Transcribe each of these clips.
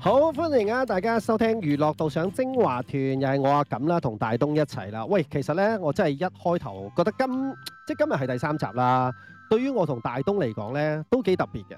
好，歡迎啊！大家收聽娛樂道上精華團，又係我阿感啦，同大東一齊啦。喂，其實呢，我真係一開頭覺得今即今日係第三集啦。對於我同大東嚟講呢，都幾特別嘅，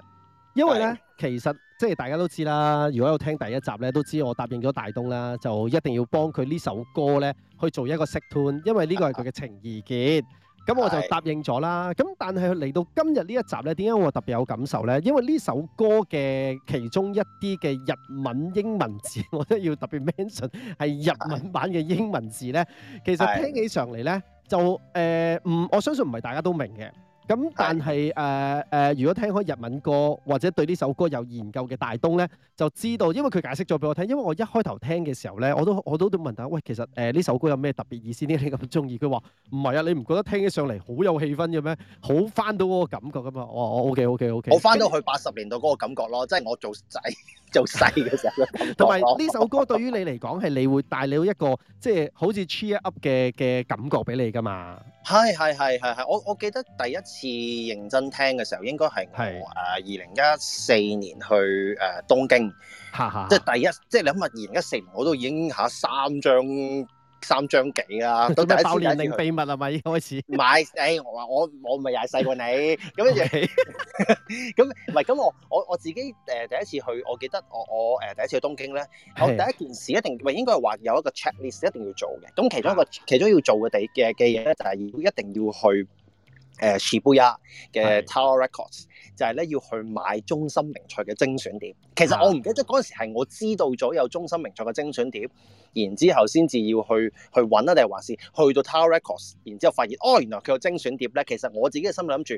因為呢，的其實即係大家都知啦。如果有聽第一集呢，都知我答應咗大東啦，就一定要幫佢呢首歌呢去做一個 set tune，因為呢個係佢嘅情意結。 咁我就答應咗啦。咁但係嚟到今日呢一集呢，點解我特別有感受呢？因為呢首歌嘅其中一啲嘅日文英文字， 我都要特別 mention 係日文版嘅英文字呢。其實聽起上嚟呢，就誒唔、呃、我相信唔係大家都明嘅。咁、嗯、但係誒誒，如果聽開日文歌或者對呢首歌有研究嘅大東咧，就知道，因為佢解釋咗俾我聽。因為我一開頭聽嘅時候咧，我都我都都問大家：「喂，其實誒呢、呃、首歌有咩特別意思？點解你咁中意？佢話唔係啊，你唔覺得聽起上嚟好有氣氛嘅咩？好翻到嗰個感覺噶嘛？我、哦、okay, okay, okay, 我 O K O K O K，我翻到去八十年代嗰個感覺咯，即、就、係、是、我做仔。 做細嘅時候，同埋呢首歌對於你嚟講係你會帶你一個即係好似 cheer up 嘅嘅感覺俾你㗎嘛？係係係係係，我我記得第一次認真聽嘅時候，應該係我誒二零一四年去誒、呃、東京， 即係第一，即係你諗下，二零一四年我都已經下三張。三張幾啊？到底 次爆年齡秘密係咪已經開始？唔係，誒我我 我咪又係細過你咁樣，咁唔係咁我我我自己誒第一次去，我記得我我誒第一次去東京咧，我第一件事一定唔的應該係話有一個 checklist 一定要做嘅，咁其中一個的其中要做嘅地嘅嘅嘢咧就係要一定要去。誒 Shibuya 嘅 Tower Records 是就係咧要去買中心名菜嘅精選碟。其實我唔記得嗰陣時係我知道咗有中心名菜嘅精選碟，然之後先至要去去揾啊，定係還是去，去到 Tower Records，然之後發現哦，原來佢有精選碟咧。其實我自己嘅心諗住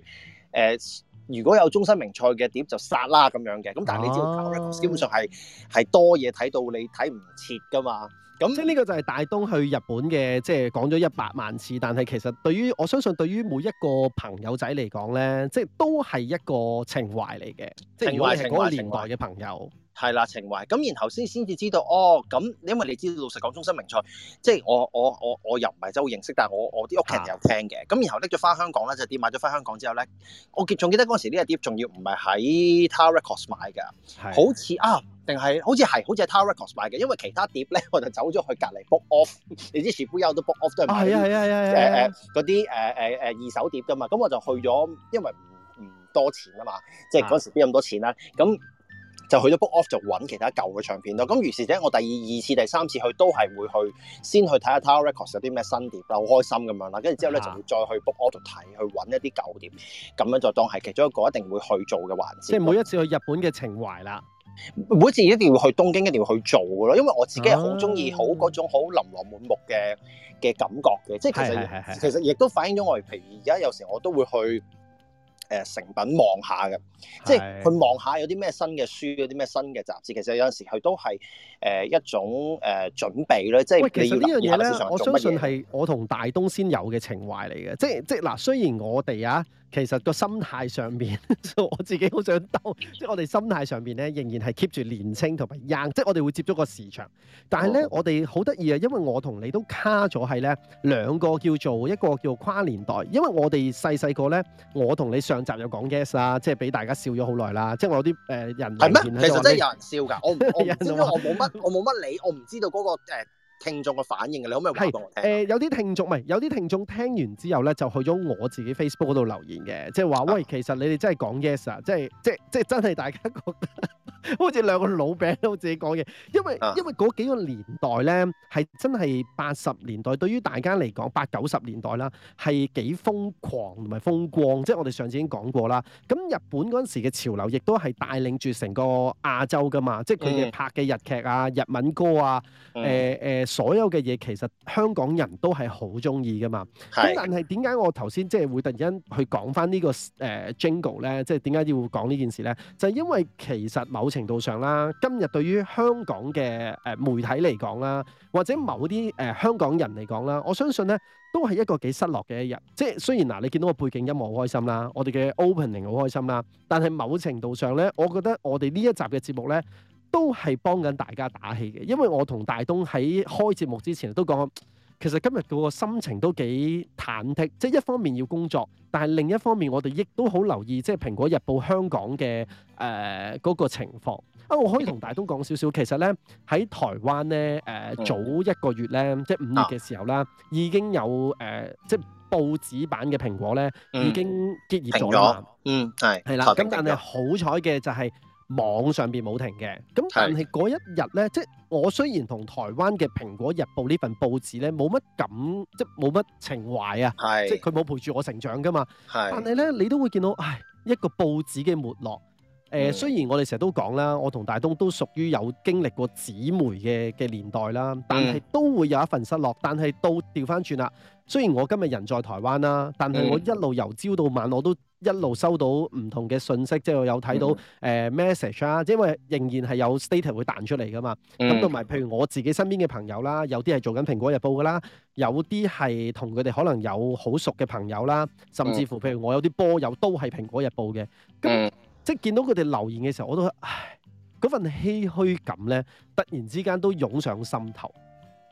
誒，如果有中心名菜嘅碟就殺啦咁樣嘅。咁但係你知道 Tower Records，啊、基本上係係多嘢睇到你睇唔切㗎嘛。即係呢個就係大東去日本嘅，即係講咗一百萬次。但係其實對於我相信，對於每一個朋友仔嚟講咧，即都係一個情懷嚟嘅。情懷，即如果你係嗰個年代嘅朋友。係啦，情懷咁， 懷然後先先至知道哦，咁，因為你知道老實講，中森明菜，即係我我我我又唔係真會認識，但係我我啲屋企人，人有聽嘅，咁然後拎咗翻香港啦，就碟、是、買咗翻香港之後咧，我記仲記得嗰時呢隻碟仲要唔係喺 Tower Records 買噶，好似的啊，定係好似係，好似係 Tower Records 買嘅，因為其他碟咧我就走咗去隔籬 book off，你知涉谷都 book off 都係，係啊係啊係啊，是啊、uh,，誒誒嗰啲誒誒誒二手碟噶嘛，咁、嗯、我就去咗，因為唔多錢啊嘛，即係嗰時邊咁多錢啦，咁。就去咗 book off 就揾其他舊嘅唱片咯。咁於是者，我第二二次、第三次去都係會去先去睇下 Tower Records 有啲咩新碟，好開心咁樣啦。跟住之後咧，啊、就會再去 book off 度睇，去揾一啲舊碟，咁樣就當係其中一個一定會去做嘅環節。即係每一次去日本嘅情懷啦，每一次一定要去東京，一定要去做咯。因為我自己係好鍾意好嗰種好琳琅滿目嘅嘅感覺嘅。的即係其實的的其實亦都反映咗我哋。譬如而家有時我都會去。去誒、呃、成品望下嘅，即係佢望下有啲咩新嘅書，有啲咩新嘅雜誌。其實有陣時佢都係誒、呃、一種誒、呃、準備咧。即係其實呢樣嘢咧，我相信係我同大東先有嘅情懷嚟嘅。即係即係嗱，雖然我哋啊～其實個心態上面， 我自己好想兜，即 係我哋心態上面咧，仍然係 keep 住年青同埋 young 即係我哋會接觸個市場。但係咧，哦、我哋好得意啊，因為我同你都卡咗係咧兩個叫做一個叫跨年代，因為我哋細細個咧，我同你上集有講 yes 啦，即係俾大家笑咗好耐啦，即係我啲誒、呃、人。係咩嗎？其實真係有人笑㗎，我我因為 說我冇乜我冇乜理，我唔知道嗰、那個、呃聽眾嘅反應嘅，你可唔可以話俾我聽？係、呃、有啲聽眾唔係有啲聽眾聽完之後咧，就去咗我自己 Facebook 嗰度留言嘅，即係話喂，其實你哋真係講 yes 啊，即係即即真係大家覺得 好似兩個老餅都自己講嘢。」因為、啊、因為嗰幾個年代咧係真係八十年代，對於大家嚟講八九十年代啦，係幾瘋狂同埋風光，即係我哋上次已經講過啦。咁日本嗰陣時嘅潮流亦都係帶領住成個亞洲噶嘛，即係佢哋拍嘅日劇啊、日文歌啊、誒、呃、誒。嗯所有嘅嘢其實香港人都係好鍾意㗎嘛，咁的但係點解我頭先即係會突然間去講返、這個呃、呢個誒 Jingle 咧？即係點解要講呢件事咧？就是、因為其實某程度上啦，今日對於香港嘅誒、呃、媒體嚟講啦，或者某啲誒、呃、香港人嚟講啦，我相信咧都係一個幾失落嘅一日。即、就、係、是、雖然嗱，你見到個背景音樂好開心啦，我哋嘅 Opening 好開心啦，但係某程度上咧，我覺得我哋呢一集嘅節目咧。都係幫緊大家打氣嘅，因為我同大東喺開節目之前都講，其實今日個心情都幾忐忑，即、就、係、是、一方面要工作，但係另一方面我哋亦都好留意，即係《蘋果日報》香港嘅誒嗰個情況。啊，我可以同大東講少少，其實咧喺台灣咧誒、呃、早一個月咧，嗯、即係五月嘅時候啦，啊、已經有誒、呃、即係報紙版嘅蘋果咧、嗯、已經結業咗嗯，係係啦，咁了但係好彩嘅就係、是。網上邊冇停嘅，咁但係嗰一日呢，是即係我雖然同台灣嘅《蘋果日報》呢份報紙呢冇乜感，即冇乜情懷啊，是即佢冇陪住我成長㗎嘛，是但係呢，你都會見到，唉一個報紙嘅沒落。誒、呃嗯、雖然我哋成日都講啦，我同大東都屬於有經歷過紙媒嘅嘅年代啦，但係都會有一份失落。嗯、但係都調翻轉啦，雖然我今日人在台灣啦，但係我一路由朝到晚我都，嗯一路收到唔同嘅信息，即係有睇到誒、嗯呃、message 啦，因為仍然係有 status 喎會彈出嚟噶嘛。咁同埋譬如我自己身邊嘅朋友啦，有啲係做緊蘋果日報噶啦，有啲係同佢哋可能有好熟嘅朋友啦，甚至乎譬如我有啲波友都係蘋果日報嘅，咁、嗯、即係見到佢哋留言嘅時候，我都唉嗰份唏噓感咧，突然之間都湧上心頭。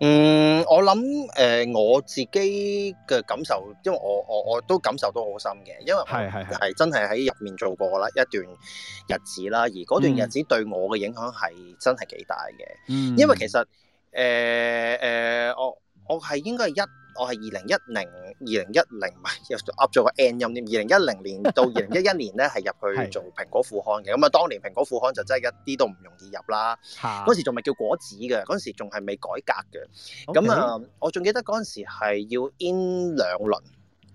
嗯，我諗誒、呃、我自己嘅感受，因為我我我都感受到好深嘅，因為係係係真係喺入面做過啦一段日子啦，而段日子對我嘅影響係真係幾大嘅，因為其實誒誒、呃呃、我我係應該係一。我係20二零一零二零一零唔係又噏咗個 N 音添，二零一零年到二零一一年咧，係入去做蘋果副刊嘅。咁啊，當年蘋果副刊就真係一啲都唔容易入啦。嗰哈時仲咪叫果子嘅，嗰時仲係未改革嘅。咁啊 Okay.，我仲記得嗰陣時係要 in 兩輪。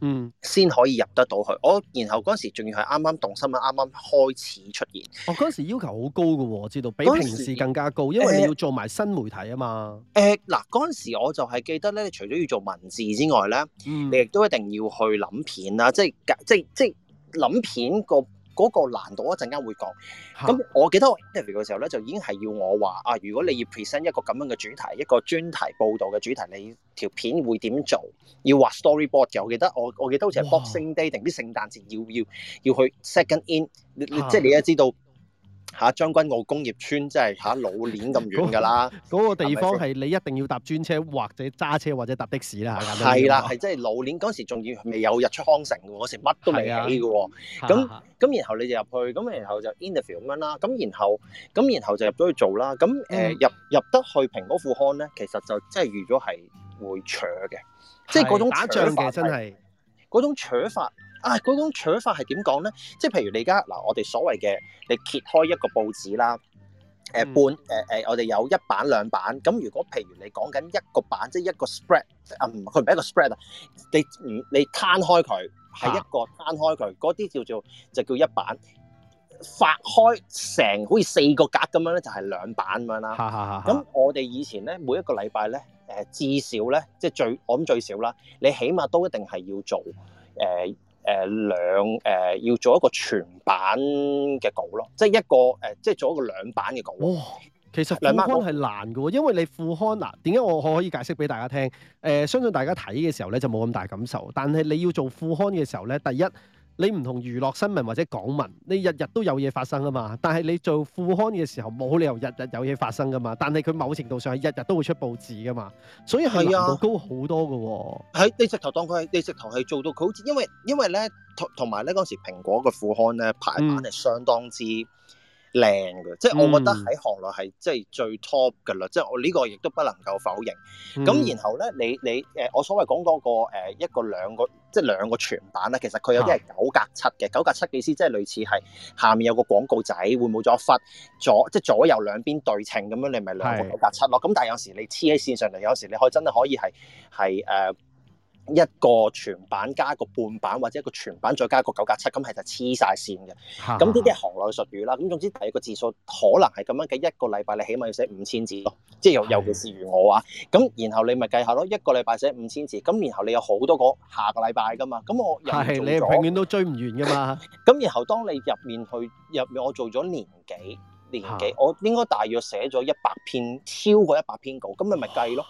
嗯，先可以入得到去。我然後嗰陣時仲要係啱啱動新聞，啱啱開始出現。我嗰陣時要求好高嘅喎，知道比平時更加高，呃、因為你要做埋新媒體啊嘛。誒嗱、呃，嗰、呃、陣時我就係記得咧，除咗要做文字之外咧，嗯、你亦都一定要去諗片啦，即係即即諗片個。嗰個難度一陣間會講，咁我記得我 interview 嘅時候咧，就已經係要我話啊，如果你要 present 一個咁樣嘅主題，一個專題報導嘅主題，你條片會點做？要畫 storyboard 嘅，我記得我，我記得好似係 Boxing Day 定啲聖誕節要，要要要去 second in，即係你一知道。嚇、啊，將軍澳工業村即係嚇老年咁遠㗎啦！嗰、那個那個地方係你一定要搭專車或者揸車或者搭的士啦嚇。係啦，係、啊、真係老年嗰時仲要未有日出康城喎，嗰時乜都未起嘅喎。咁咁然後你就入去，咁然後就 interview 咁樣啦。咁然後咁然後就入咗去做啦。咁誒、呃嗯、入入得去蘋果副刊咧，其實就真係預咗係會搶嘅，即係嗰種法打仗真種法真係嗰種搶法。啊！嗰種取法係點講咧？即係譬如你而家嗱，我哋所謂嘅你揭開一個報紙啦，誒、呃、半誒誒、呃，我哋有一版兩版。咁如果譬如你講緊一個版，即係一個 spread，啊佢唔係一個 spread 啊，你唔你攤開佢係一個攤開佢嗰啲叫做就叫一版發開成好似四個格咁樣咧，就係、係、兩版咁樣啦。咁我哋以前咧每一個禮拜咧誒至少咧即係最我諗最少啦，你起碼都一定係要做誒。呃誒、呃、兩誒、呃、要做一個全版嘅稿咯，即係一個誒、呃，即係做一個兩版嘅稿。哇、哦，其實兩版係難嘅喎，因為，因為你副刊嗱點解我可以解釋俾大家聽？誒、呃，相信大家睇嘅時候咧就冇咁大感受，但係你要做副刊嘅時候咧，第一。你唔同娛樂新聞或者港聞，你日日都有嘢發生啊嘛。但係你做副刊嘅時候，冇理由日日有嘢發生噶嘛。但係佢某程度上係日日都會出報紙噶嘛，所以係個高好多噶喎、哦。係、啊，你直頭當佢係，你直頭係做到佢好似，因為因為咧同同埋咧嗰陣時蘋果嘅副刊咧排版係相當之，嗯靚嘅，嗯、即係我覺得喺行內係即係最 top 嘅啦，即係我呢個亦都不能夠否認。咁、嗯、然後咧，你你誒我所謂講嗰個誒一個兩個，即係兩個全版啦。其實佢有啲係九格七嘅，是九格七意思即係類似係下面有個廣告仔，會冇咗忽左，即係左右兩邊對稱咁樣，你咪兩個九格七咯。咁是但係有時你黐喺線上嚟，有時你可以真係可以係係誒。一個全版加一個半版，或者一個全版再加一個九格七，咁係就黐晒線嘅。咁呢啲係行內嘅術語啦。咁總之，第一個字數可能係咁樣嘅：一個禮拜你起碼要寫五千字咯。即係尤其是如我啊，咁是然後你咪計下咯。一個禮拜寫五千字，咁然後你有好多個下個禮拜噶嘛。咁我係你永遠都追唔完噶嘛。咁 然後當你入面去入面，我做咗年幾年幾，是我應該大約寫咗一百篇，超過一百篇稿，咁你咪計咯。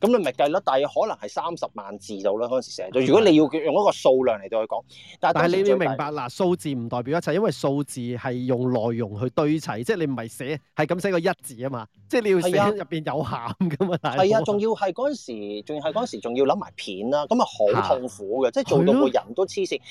咁你咪計咯，但係可能係三十萬字到啦，嗰陣時寫。如果你要用一個數量嚟對佢講，但係你要明白啦，數字唔代表一切，因為數字係用內容去對齊，即係你唔係寫係咁寫個一字啊嘛，即係你要寫入邊有餡㗎嘛。係啊的，仲哥要係嗰陣時，仲要係嗰陣時仲要諗埋片啦，咁啊好痛苦嘅，的即係做到每個人都黐線。的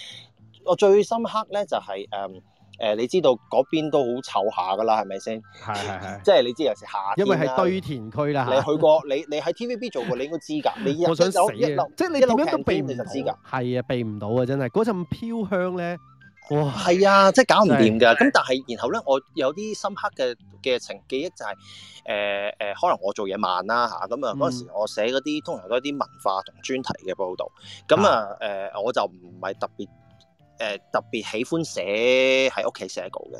我最深刻咧就係、是、誒。Um, 誒、呃，你知道嗰邊都好臭下噶啦，係咪先？係即係你知有時夏天、啊、因為係堆填區啦，你去過，你你喺 TVB 做過，你應該知㗎。你 我想死啊！一流即係你點樣都避唔到。係啊，避唔到啊，真係嗰陣飄香咧，哇！係啊，即、就、係、是、搞唔掂㗎。咁是但係，然後咧，我有啲深刻嘅嘅情記憶就係誒誒，可能我做嘢慢啦嚇，咁啊嗰陣、啊嗯嗯、時我寫嗰啲通常都係啲文化同專題嘅報導，咁啊誒、啊啊，我就唔係特別。誒、呃、特別喜歡寫喺屋企寫稿嘅，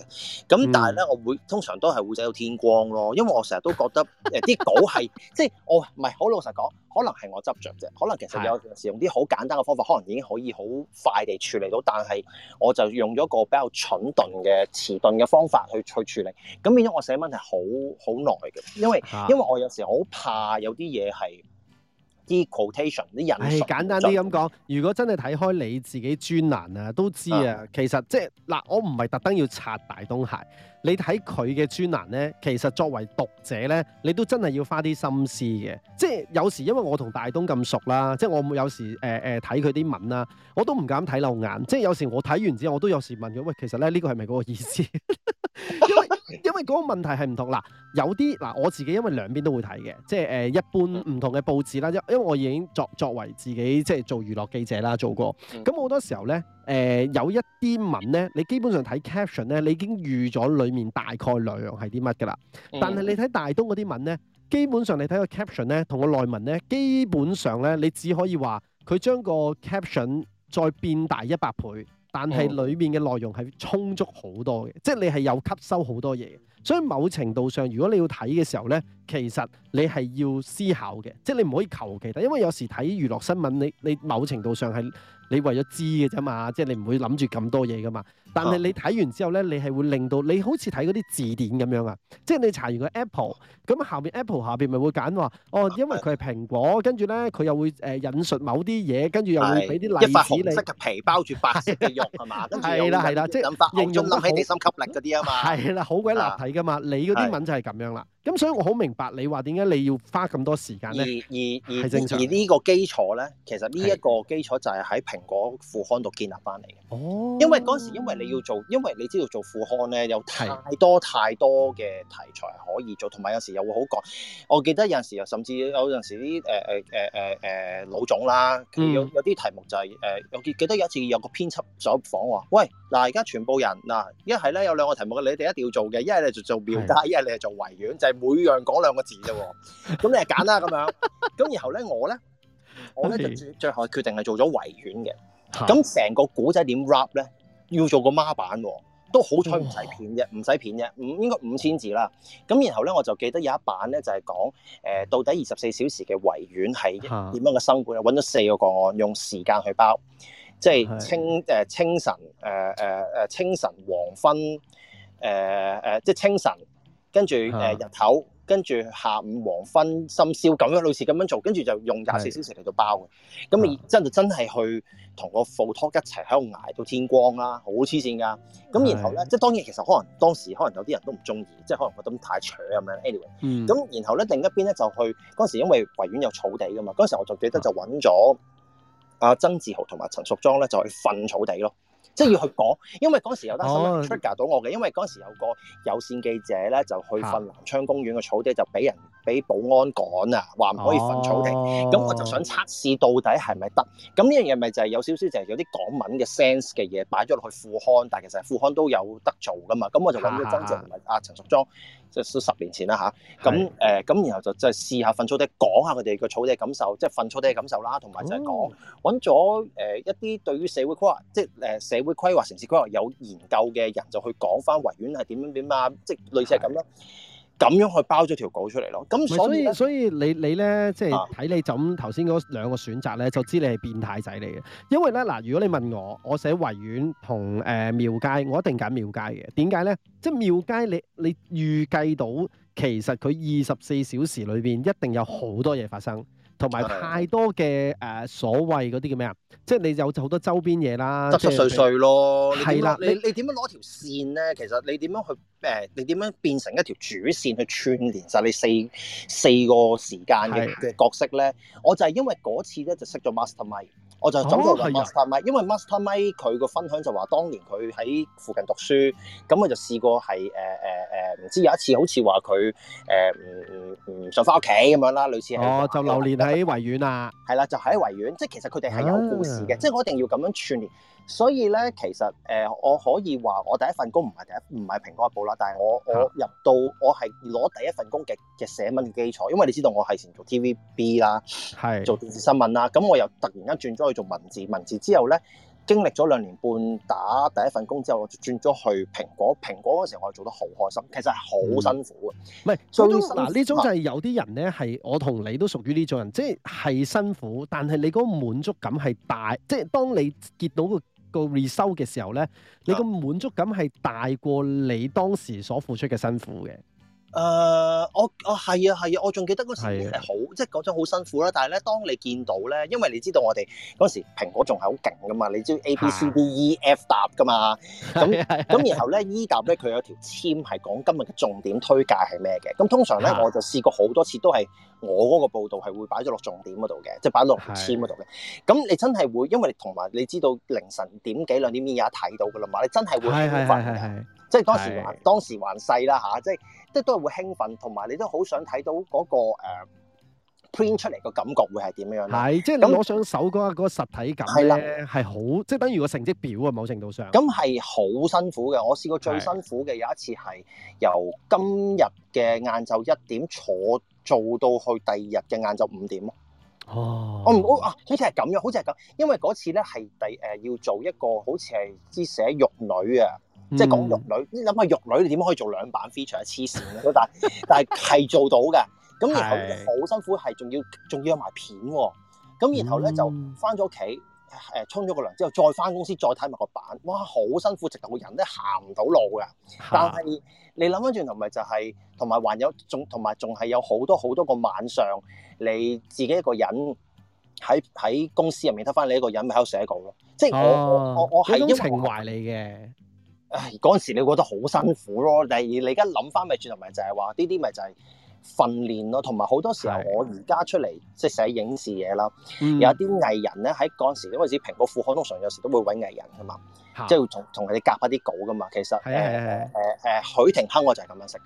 咁但係咧，我會通常都係會寫到天光咯，因為我成日都覺得誒啲、 呃、稿係即係我唔係好老實講，可能係我執着啫，可能其實有時用啲好簡單嘅方法，可能已經可以好快地處理到，但係我就用咗一個比較蠢鈍嘅遲鈍嘅方法去去處理，咁變咗我寫文係好好耐嘅，因為因為我有時好怕有啲嘢係。啲 quotation 啲人，唉，簡單啲咁講，如果真係睇開你自己專欄啊，都知啊，嗯、其實即係嗱，我唔係特登要拆大東鞋。你睇佢嘅專欄咧，其實作為讀者咧，你都真係要花啲心思嘅。即係有時因為我同大東咁熟啦，即係我會有時誒誒睇佢啲文啦，我都唔敢睇漏眼。即係有時我睇完之後我都有時問佢喂，其實咧呢個係咪嗰個意思？ 因為因為嗰個問題係唔同啦。有啲嗱，我自己因為兩邊都會睇嘅，即係誒、呃、一般唔同嘅報紙啦，因因為我已經作作為自己即係做娛樂記者啦，做過，咁好多時候咧，誒、呃、有一啲文咧，你基本上睇 caption 咧，你已經預咗裡面大概內容係啲乜㗎啦？但係你睇大東嗰啲文呢，基本上你睇個 caption 呢，同個內文呢，基本上呢，你只可以話佢將個 caption 再變大一百倍，但係裡面嘅內容係充足好多嘅，即係你係有吸收好多嘢。所以某程度上，如果你要睇嘅時候呢，其實你係要思考嘅，即係你唔可以求其。但因為有時睇娛樂新聞，你你某程度上係你為咗知嘅啫嘛，即係你唔會諗住咁多嘢噶嘛。但係你睇完之後咧，你係會令到你好似睇嗰啲字典咁樣啊，即係你查完個 Apple，咁下邊 Apple 下邊咪會揀話哦，因為佢係蘋果，跟住咧佢又會誒引述某啲嘢，跟住又會俾啲例子你。一塊紅色嘅皮包住白色嘅肉係嘛？係啦係啦，即係形容喺地心吸力嗰啲啊嘛。係啦，好鬼立體噶嘛，你嗰啲文就係咁樣啦。咁所以，我好明白你話點解你要花咁多時間咧？而而而而呢個基礎咧，其實呢一個基礎就係喺蘋果副刊度建立翻嚟嘅。哦，因為嗰陣時，因為你要做，因為你知道做副刊咧，有太多太多嘅題材可以做，同埋有時又會好趕。我記得有陣時有，甚至有陣時啲誒誒誒誒誒老總啦，有有啲題目就係、是、誒、呃，我記記得有一次有一個編輯所訪話：喂，嗱，而家全部人嗱，一係咧有兩個題目你哋一定要做嘅，一係你做廟街，一係你係做維園。每樣講兩個字啫喎，咁你係揀啦咁樣，咁 然後咧我咧，我咧就 Okay. 最後決定係做咗維園嘅，咁成個古仔點 rap 咧，要做個孖版喎、哦，都好彩唔使片啫，唔使 片啫，五應該五千字啦，咁然後咧我就記得有一版咧就係、是、講誒、呃、到底二十四小時嘅維園係點樣嘅生活咧，揾咗 四個個案用時間去包，即係清誒 清晨誒誒誒清晨黃昏誒即係清晨。跟住誒、呃、日頭，跟住下午黃昏、深宵咁樣，類似咁樣做，跟住就用廿四小時嚟到包嘅。咁你真就真係去同個 foto 一齊喺度挨到天光啦、啊，好黐線噶。咁然後咧，的即係當然其實可能當時可能有啲人都唔中意，即係可能覺得太扯咁樣。Anyway，咁、嗯、然後咧另一邊咧就去嗰陣時，因為維園有草地噶嘛，嗰陣時我就記得就揾咗阿曾志豪同埋陳淑莊咧就去瞓草地咯。即係要去講，因為嗰陣時有單新聞 trigger 到我嘅，因為嗰陣時有個有線記者咧就去瞓南昌公園嘅草地，就俾人俾保安趕啊，話唔可以瞓草地。咁我就想測試到底係咪得？咁呢樣嘢咪就係有少少，就係有啲港聞嘅 sense 嘅嘢擺咗落去富康，但係其實富康都有得做噶嘛。咁我就揾咗張傑同埋阿陳淑莊。即係都十年前啦吓，咁誒咁然後就即係試下瞓草地，講下佢哋個草地感受，即係瞓草地嘅感受啦，同埋就係講揾咗誒一啲對於社會規劃，即係誒社會規劃、城市規劃有研究嘅人，就去講返維園係點樣點啊，即係類似係咁咯。咁樣去包咗條稿出嚟咯，咁所以呢，所以，所以你你咧即係睇你就咁頭先嗰兩個選擇咧，就知你係變態仔嚟嘅。因為咧嗱，如果你問我，我寫維園同誒廟街，我一定揀廟街嘅。點解咧？即係廟街你，你你預計到其實佢二十四小時裏邊一定有好多嘢發生，同埋太多嘅誒的、呃、所謂嗰啲叫咩啊？即係你有好多周邊嘢啦，濕濕碎碎咯。係啦，你你點樣攞條線咧？其實你點樣去誒？你點樣變成一條主線去串聯實你四四個時間嘅的角色咧？我就係因為嗰次咧就識咗 Master Mike，我就走咗去 Master Mike，哦。因為 Master Mike 佢個分享就話當年佢喺附近讀書，咁我就試過係誒誒誒，唔、呃呃、知有一次好似話佢誒上翻屋企咁樣啦，類似我、哦、就留連喺維園啊。係啦，就喺維園，即係其實佢哋係有。嘅，Yeah. 即係我一定要咁樣串聯，所以咧，其實誒、呃，我可以話我第一份工唔係第一，唔係蘋果日報啦，但係我 Yeah. 我入到我係攞第一份工嘅嘅寫文嘅基礎，因為你知道我係以前做 TVB 啦，係 Yeah. 做電視新聞啦，咁我又突然間轉咗去做文字，文字之後咧。經歷咗兩年半打第一份工之後，我轉咗去蘋果。蘋果嗰陣時，我做得好開心，其實係好辛苦嘅。唔係、嗯，嗱呢種就係有啲人呢，係我同你都屬於呢種人，即係係辛苦，但係你嗰滿足感係大，即係當你到結到個個 re 收嘅時候呢，你個滿足感係大過你當時所付出嘅辛苦嘅。誒，我我係啊，係啊，我仲記得嗰時係好，即係嗰種好辛苦啦。但係咧，當你見到咧，因為你知道我哋嗰時蘋果仲係好勁噶嘛，你知 A B C D E F 疊噶嘛，咁咁然後咧 E 疊咧佢有條簽係講今日嘅重點推介係咩嘅。咁通常咧我就試過好多次都係。我嗰個報道係會擺咗落重點嗰度嘅，即係擺落籤嗰度嘅。咁是你真係會，因為同埋你知道凌晨點幾兩點已經有睇到噶啦嘛，你真係會，會興奮，即係當時當時還細啦嚇，即係即都係會興奮，同埋你都好想睇到嗰、嗰個 print、呃、出嚟個感覺會係點樣咧？係即係攞上手嗰個嗰個實體感咧，係好那的即係等於個成績表啊！某程度上，咁係好辛苦嘅。我試過最辛苦嘅有一次係由今日嘅晏晝一點坐。做到去第二日嘅晏晝五點咯，哦、oh.，我唔好啊，好似係咁樣，好似係咁，因為嗰次咧係第誒、呃、要做一個好似係肢寫玉女啊，mm. 即係講玉，玉女，你諗下玉女你點可以做兩版 feature 啊？黐線嘅，但但係係做到嘅，咁 然後好是辛苦，係仲要仲要埋片喎、啊，咁然後咧就翻咗屋企。Mm. 誒沖咗個涼之後，再翻公司再睇埋個板，哇！好辛苦，直到個人咧行唔到路㗎。啊、但係你諗翻轉頭，咪就係同埋還有仲同埋仲係有好多好多個晚上，你自己一個人喺喺公司入面，得翻你一個人咪喺度寫稿咯。即係我、哦、我我係一種情懷嚟嘅。唉，嗰陣時你覺得好辛苦咯。第二你而家諗翻咪轉頭咪就係、是、話，呢啲咪就係、是。.訓練咯、啊，同埋好多時候我而家出嚟，即係寫影視嘢啦，的有啲藝人咧喺嗰陣時，因為只蘋果副刊通常有時都會揾藝人噶嘛，即係同同佢哋夾一啲稿噶嘛，其實誒誒誒誒許廷鏗我就係咁樣識。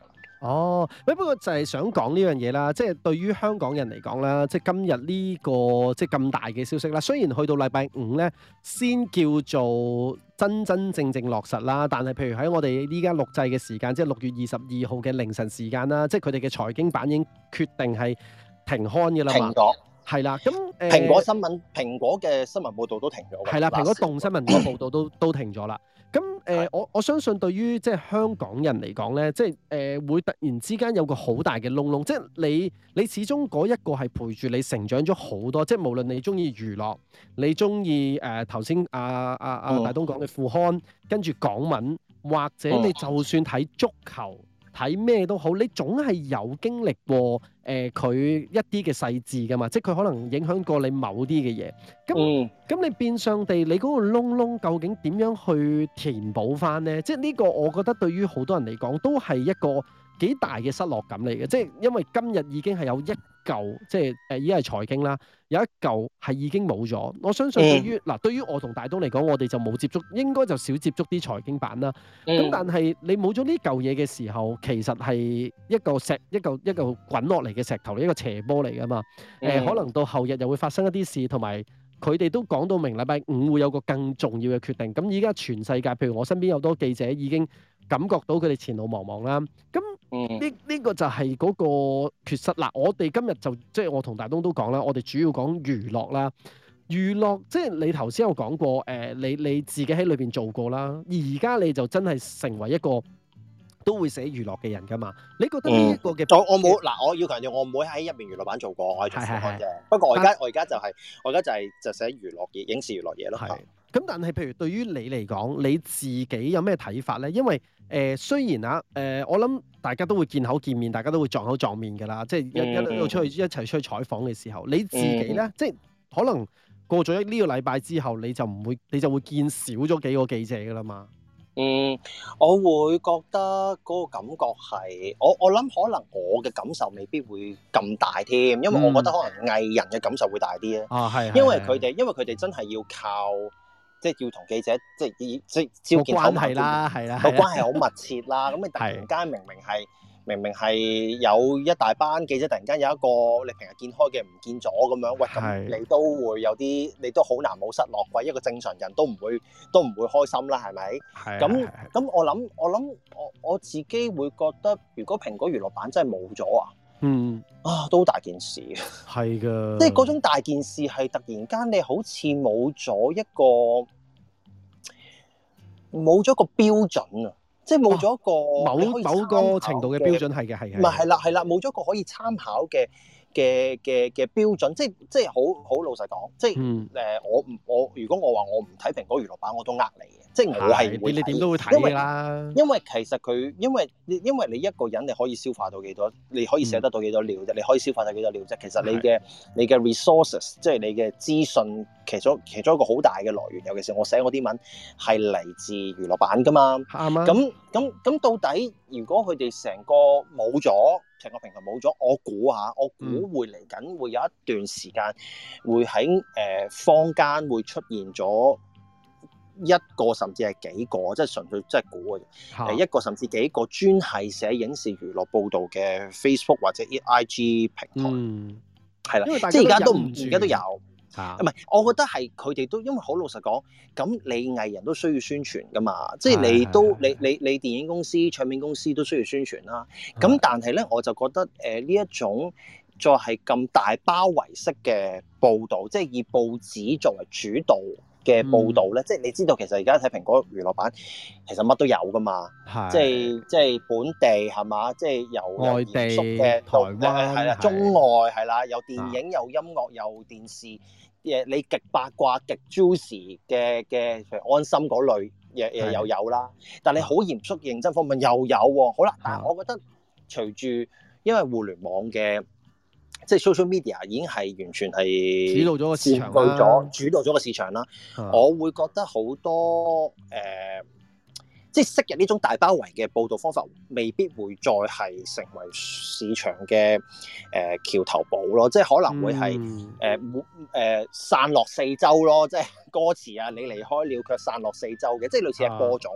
哦，不過就係想講呢樣嘢啦，即係對於香港人嚟講啦，即係今日呢個即係咁大嘅消息啦。雖然去到禮拜五咧，先叫做真真正正落實啦，但係譬如喺我哋依家錄製嘅時間，即係六月二十二號嘅凌晨時間啦，即係佢哋嘅財經版已經決定係停刊嘅啦嘛。係果啦。咁、呃、蘋果新聞、蘋果嘅新聞報道都停咗。係啦，蘋果動新聞嘅報道都都停咗啦。咁誒，呃、是的 我我相信對於即係香港人嚟講咧，即係誒、呃、會突然之間有個好大嘅窿窿，即係你你始終嗰一個係陪住你成長咗好多，即係無論你中意娛樂，你中意誒頭先阿阿阿大東講嘅副刊，跟住港聞，或者你就算睇足球。哦睇咩都好，你總係有經歷過誒佢、呃、一啲嘅細緻噶嘛，即係佢可能影響過你某啲嘅嘢。咁咁、嗯、你變相地，你嗰個窿窿究竟點樣去填補翻呢？即係呢個，我覺得對於好多人嚟講，都係一個幾大嘅失落感嚟嘅，即係因為今日已經係有一嚿，即係誒、呃、已經係財經啦，有一嚿係已經冇咗。我相信對於嗱、嗯啊，對於我同大東嚟講，我哋就冇接觸，應該就少接觸啲財經版啦。咁、嗯、但係你冇咗呢嚿嘢嘅時候，其實係一個石，一嚿一嚿滾落嚟嘅石頭，一個斜波嚟㗎嘛。誒、呃，可能到後日又會發生一啲事，同埋。佢哋都講到明禮拜五會有個更重要嘅決定，咁依家全世界，譬如我身邊有多記者已經感覺到佢哋前路茫茫啦。咁呢呢個就係嗰個缺失啦。我哋今日就即係、就是、我同大東都講啦，我哋主要講娛樂啦，娛樂即係、就是、你頭先有講過，誒、呃，你你自己喺裏邊做過啦，而而家你就真係成為一個。都會寫娛樂嘅人噶嘛？你覺得呢一個嘅、嗯？我我冇嗱，我要強調我唔會喺入面娛樂版做過，我係做副刊啫。是是是不過我而家我而家就係，我而家就係、是、就寫娛樂嘢、影視娛樂嘢咯。係。咁但係譬如對於你嚟講，你自己有咩睇法咧？因為誒、呃，雖然啊，誒、呃，我諗大家都會見口見面，大家都會撞口撞面噶啦。嗯、即係一一路出去一齊出去採訪嘅時候，你自己咧，嗯、即係可能過咗呢個禮拜之後，你就唔會你就會見少咗幾個記者噶啦嘛。嗯，我會覺得嗰個感覺係，我我諗可能我嘅感受未必會咁大添，因為我覺得可能藝人嘅感受會大啲啊。哦，係，因為佢哋，因為佢哋真係要靠，即係要同記者，即係以即係照關係啦，係啦，個關係好密切啦，咁你突然間明明係。明明係有一大班記者，突然間有一個你平日見開嘅人唔見咗咁樣，是的 喂，咁你都會有啲，你都好難冇失落，喂，一個正常人都唔會，都唔會開心啦，係咪？咁咁是的 我諗，我諗，我我自己會覺得，如果蘋果娛樂版真係冇咗啊，嗯啊，都大件事，係㗎，即係嗰種大件事係突然間你好似冇咗一個冇咗個標準啊。即係冇咗個某某個程度嘅標準，係嘅，係嘅，唔係，係啦，係啦，冇咗個可以參考嘅嘅嘅嘅標準，即係即係好好老實講，即係誒、嗯、我唔我如果我話我唔睇蘋果娛樂版，我都呃你嘅。即係我係會，你點都會睇嘅啦。因為其實佢，因為你因為你一個人，你可以消化到幾多？你可以寫得到幾多料啫？嗯、你可以消化到幾多料啫？其實你嘅是的 你嘅 resources，即係你嘅資訊，其中其中一個好大嘅來源。尤其是我寫我啲文係嚟自娛樂版㗎嘛。嚇嘛嗎！咁咁咁，到底如果佢哋成個冇咗，成個平台冇咗，我估下，我估會嚟緊會有一段時間會喺誒坊間會出現咗。一個甚至係幾個，即係純粹即係估嘅。啊、一個甚至幾個專係寫影視娛樂報導嘅 Facebook 或者 IG 平台，係啦、嗯，即係而家都唔而家都有唔係、啊，我覺得係佢哋都，因為好老實講，咁你藝人都需要宣傳㗎嘛，啊、即係你都你你你電影公司、唱片公司都需要宣傳啦。咁、啊、但係呢，我就覺得誒呢、呃、一種再係咁大包圍式嘅報導，即係以報紙作為主導。嘅報導咧，嗯、即係你知道其實而家睇蘋果娛樂版，其實乜都有噶嘛，是即係即係本地係嘛，即係由外地、嘅是，台灣係啦，中外係啦，有電影、的有音樂、有電視，誒你極八卦、極 juicy 嘅嘅安心嗰類嘢又有啦，的但係你好嚴肅認真方面又有喎、哦，好啦，但係的、啊、我覺得隨住因為互聯網嘅。即係 social media 已經係完全係主導咗個市場啦，主導咗個市場啦。我會覺得好多誒、呃，即係昔日呢種大包圍嘅報導方法，未必會再係成為市場嘅誒、呃、橋頭堡咯。即係可能會係誒冇散落四周咯。即係歌詞啊，你離開了卻散落四周嘅，即係類似係播種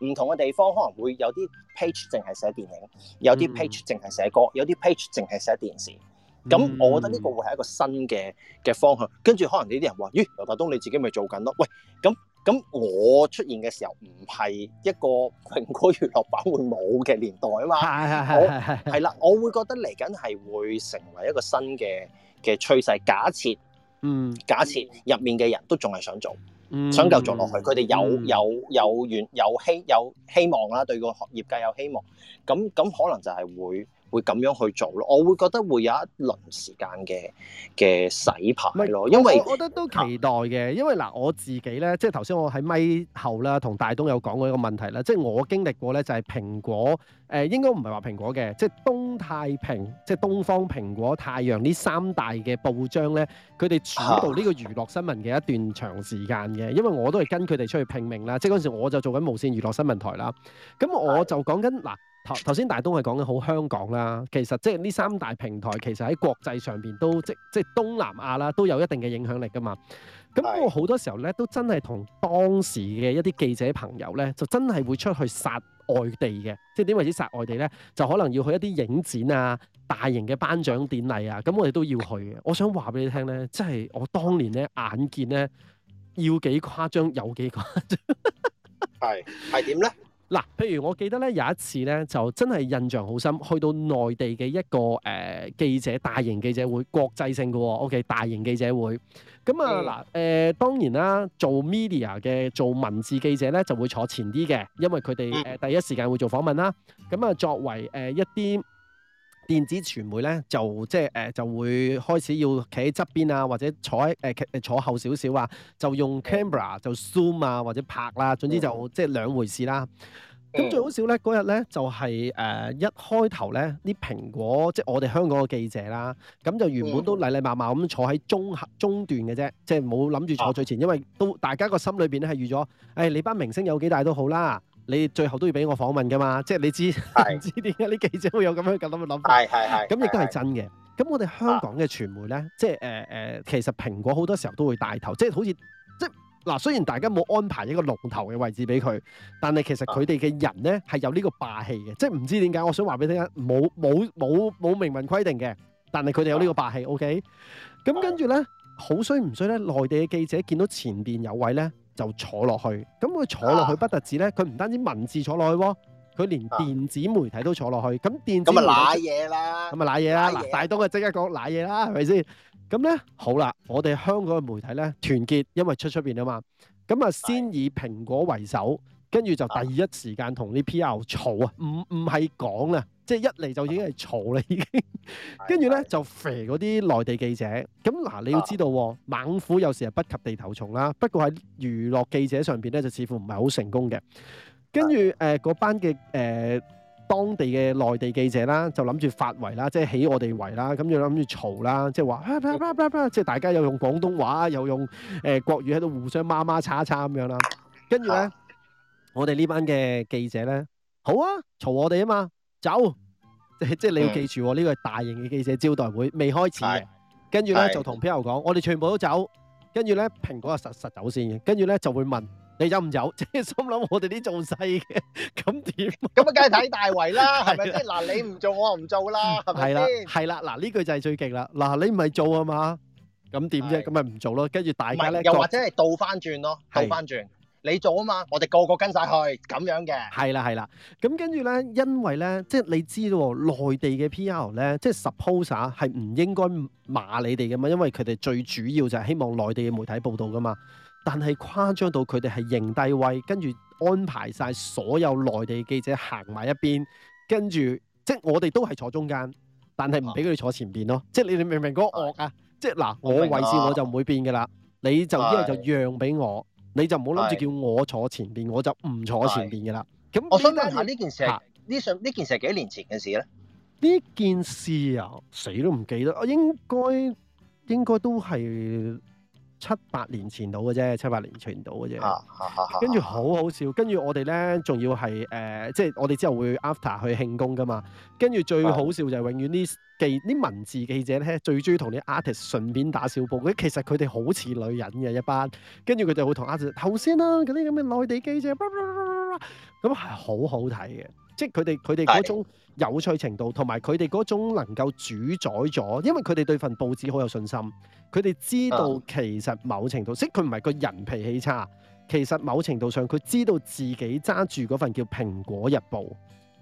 唔、嗯、同嘅地方可能會有啲 page 淨係寫電影，有啲 page 淨係寫歌，有啲 page 淨係寫電視。咁，嗯、我覺得呢個會係一個新嘅嘅方向，跟住可能呢啲人話，咦，游大東你自己咪做緊咯？喂，咁咁我出現嘅時候，唔係一個蘋果娛樂版會冇嘅年代啊嘛。係係係係係啦，我會覺得嚟緊係會成為一個新嘅嘅趨勢。假設，嗯，假設入面嘅人都仲係想做，嗯、想繼續做落去，佢哋有有有願有希有，有希望啦，對個業界有希望，咁咁可能就係會。會咁樣去做咯，我會覺得會有一輪時間嘅嘅洗牌咯，因為我覺得都期待嘅，啊、因為嗱我自己咧，即係頭先我喺咪後咧，同大東有講過一個問題啦，即係我經歷過咧，就係、是、蘋果誒、呃，應該唔係話蘋果嘅，即係東太平，即係東方蘋果、太陽呢三大嘅報章咧，佢哋主導呢個娛樂新聞嘅一段長時間嘅，啊、因為我都係跟佢哋出去拼命啦，即係嗰陣時我就做緊無線娛樂新聞台啦，咁我就講緊嗱。頭先大東係講緊好香港啦，其實即係呢三大平台其實喺國際上邊都即，即東南亞啦都有一定嘅影響力㗎嘛。咁我好多時候咧都真係同當時嘅一啲記者朋友咧，就真係會出去殺外地嘅。即係點為之殺外地咧？就可能要去一啲影展啊、大型嘅頒獎典禮啊。咁我哋都要去嘅。我想話俾你聽咧，即係我當年咧眼見咧要幾誇張有幾誇張，係係點咧？ 嗱，譬如我記得咧有一次咧，就真係印象好深，去到內地嘅一個誒、呃、記者大型記者會，國際性嘅喎，OK 大型記者會，咁啊嗱誒、呃、當然啦，做 media 嘅做文字記者咧就會坐前啲嘅，因為佢哋誒第一時間會做訪問啦，咁啊作為誒、呃、一啲。電子傳媒咧就即係誒、呃、就會開始要企喺側邊啊，或者坐喺誒誒坐後少少啊，就用 camera 就 zoom 啊或者拍啦，總之就即係、嗯、兩回事啦。咁最好笑咧嗰日咧就係、是、誒、呃、一開頭咧啲蘋果即係我哋香港嘅記者啦，咁就原本都禮禮貌貌咁坐喺中中段嘅啫，即係冇諗住坐最前，啊、因為都大家個心裏邊咧係預咗，誒、哎、你班明星有幾大都好啦。你最後都要俾我訪問噶嘛？即係你知唔是知點解啲記者會有咁樣嘅諗法？係係係。咁亦都係真嘅。咁我哋香港嘅傳媒咧，的即係誒誒，其實蘋果好多時候都會帶頭，即係好似即係嗱。雖然大家冇安排一個龍頭嘅位置俾佢，但係其實佢哋嘅人咧係有呢個霸氣嘅。的即係唔知點解，我想話俾你聽，冇冇冇冇明文規定嘅，但係佢哋有呢個霸氣。OK。咁跟住咧，好衰唔衰咧？內地嘅記者見到前邊有位咧。就坐落去，咁佢坐落去不特止咧，佢唔、啊、單止文字坐落去喎，佢連電子媒體都坐落去，咁電子媒體咁啊瀨嘢啦，咁啊瀨嘢啦，嗱了大東嘅即刻講瀨嘢啦，係咪先？咁咧了好啦，我哋香港嘅媒體咧團結，因為出出邊啊嘛，咁啊先以蘋果為首。跟住就第一時間同啲 P.R. 嘈啊，唔唔係講啊，即係一嚟就已經係嘈啦，已 經。跟住咧就肥嗰啲內地記者。咁嗱，你要知道、啊、猛虎有時係不及地頭蟲啦，不過喺娛樂記者上邊咧就似乎唔係好成功嘅。跟住誒嗰班嘅誒當地嘅內地記者啦，就諗住發圍啦，即係起我哋圍啦，咁要諗住嘈啦，即係話，即係大家有用廣東話，又用誒、呃、國語喺度互相媽媽叉叉咁樣啦。跟住咧。啊我哋呢班嘅記者咧，好啊，嘈我哋啊嘛，走，即係即係你要記住，呢個係大型嘅記者招待會未開始嘅，跟住咧就同朋友講，我哋全部都走，跟住咧蘋果又實實走先嘅，跟住咧就會問你走唔走，即係心諗我哋啲做細嘅，咁點啊？咁啊，梗係睇大圍啦，係咪先？嗱，你唔做我唔做啦，係咪先？係啦，嗱，呢句就係最勁啦，嗱，你唔係做啊嘛，咁點啫？咁咪唔做咯，跟住大家咧，又或者係倒翻轉咯，倒翻轉。你做啊嘛，我哋個個跟晒去咁樣嘅。係啦係啦，咁跟住咧，因為咧，即係你知道、哦、內地嘅 P.R. 咧，即係 suppose 啊，係唔應該罵你哋嘅嘛，因為佢哋最主要就係希望內地嘅媒體報道噶嘛。但係誇張到佢哋係認低位，跟住安排晒所有內地記者行埋一邊，跟住即係我哋都係坐中間，但係唔俾佢哋坐前邊咯。即係你哋明唔明嗰個惡啊？即係嗱，我位置我就唔會變噶啦，你就依家的就讓俾我。你就唔好諗住叫我坐前邊，的我就唔坐前邊嘅啦。咁的我想問下呢的件事呢上呢件事係幾年前嘅事咧？呢件事啊，死都唔記得，應該應該都係。七八年前到嘅啫，七八年前到嘅啫。跟住好好笑，跟住我哋咧，仲要係誒，即係我哋之後會 after 去慶功㗎嘛。跟住最好笑就係永遠啲記啲文字記者咧，最鍾意同啲 artist 順便打小報。其實佢哋好似女人嘅一班，跟住佢哋會同 artist 頭先啦，嗰啲咁嘅內地記者咁係好好睇嘅。即係佢哋佢哋嗰種有趣程度，同埋佢哋嗰種能夠主宰咗，因為佢哋對份報紙好有信心。佢哋知道其實某程度，嗯、即係佢唔係個人脾氣差，其實某程度上佢知道自己揸住嗰份叫《蘋果日報》，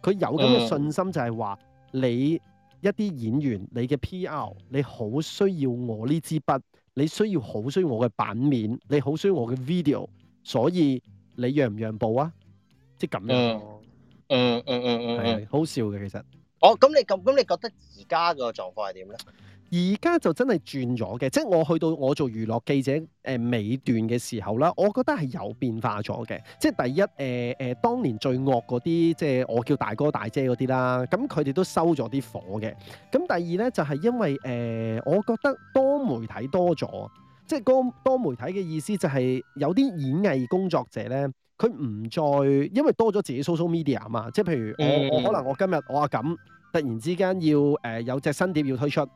佢有咁嘅信心就係話，嗯、你一啲演員，你嘅 PR，你好需要我呢支筆，你需要好需要我嘅版面，你好需要我嘅 video，所以你讓唔讓步啊？即係咁樣。嗯嗯嗯嗯嗯，係、嗯嗯、好笑嘅其實。哦，咁你咁咁，你覺得而家個狀況係點咧？而家就真係轉咗嘅，即係我去到我做娛樂記者誒尾、呃、段嘅時候啦，我覺得係有變化咗嘅。即係第一誒誒、呃呃，當年最惡嗰啲，即係我叫大哥大姐嗰啲啦，咁佢哋都收咗啲火嘅。咁第二咧就係、是、因為誒、呃，我覺得多媒體多咗，即係多多媒體嘅意思就係有啲演藝工作者咧。.佢唔再，因為多咗自己 social media 啊嘛，即係譬如我，我可能我今日我阿感突然之間要誒、呃、有隻新碟要推出，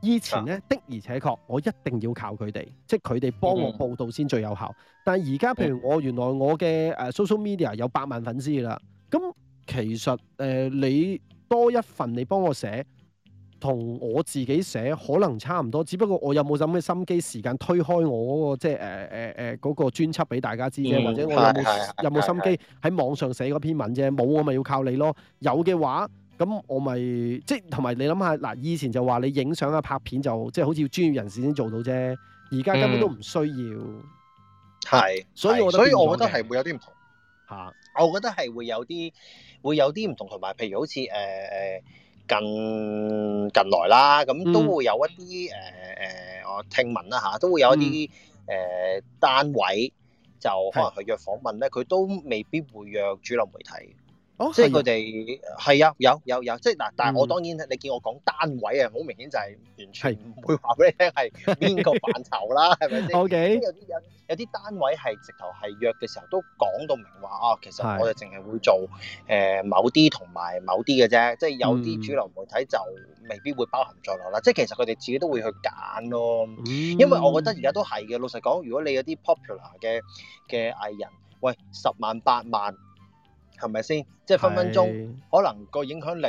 以前咧的而且確我一定要靠佢哋，即係佢哋幫我報道先最有效。但係而家譬如我原來我嘅誒 social media 有百萬粉絲啦，咁其實誒、呃、你多一份你幫我寫。同我自己寫可能差唔多，只不過我有冇咁嘅心機時間推開我嗰個即係誒誒誒嗰個專輯俾大家知啫，嗯、或者我有冇有冇心機喺網上寫嗰篇文啫？冇我咪要靠你咯。有嘅話，咁我咪即係同埋你諗下嗱，以前就話你影相啊、拍片就即係好似專業人士先做到啫。而家根本都唔需要，係、嗯，所以我所以我覺得係會有啲唔同嚇。係係係我覺得係會有啲、啊、會有啲唔同，同埋譬如好似誒誒。近近來啦，咁都會有一啲誒誒，我聽聞啦嚇，都會有一啲誒、呃、單位就可能去約訪問咧，佢是的 都未必會約主流媒體。哦、即係佢哋係啊，有有有，即係嗱，但係我當然、嗯、你見我講單位啊，好明顯就係完全唔會話俾你聽係邊個範疇啦，係咪先？Okay。有啲有有啲單位係直頭係約嘅時候都講到明話啊、哦，其實我哋淨係會做誒、呃、某啲同埋某啲嘅啫，即係有啲主流媒體就未必會包含在內啦。嗯、即係其實佢哋自己都會去揀咯，因為我覺得而家都係嘅。老實講，如果你有啲 popular 嘅嘅藝人，喂，十萬八萬。係咪先？即係分分鐘，是可能個影響力，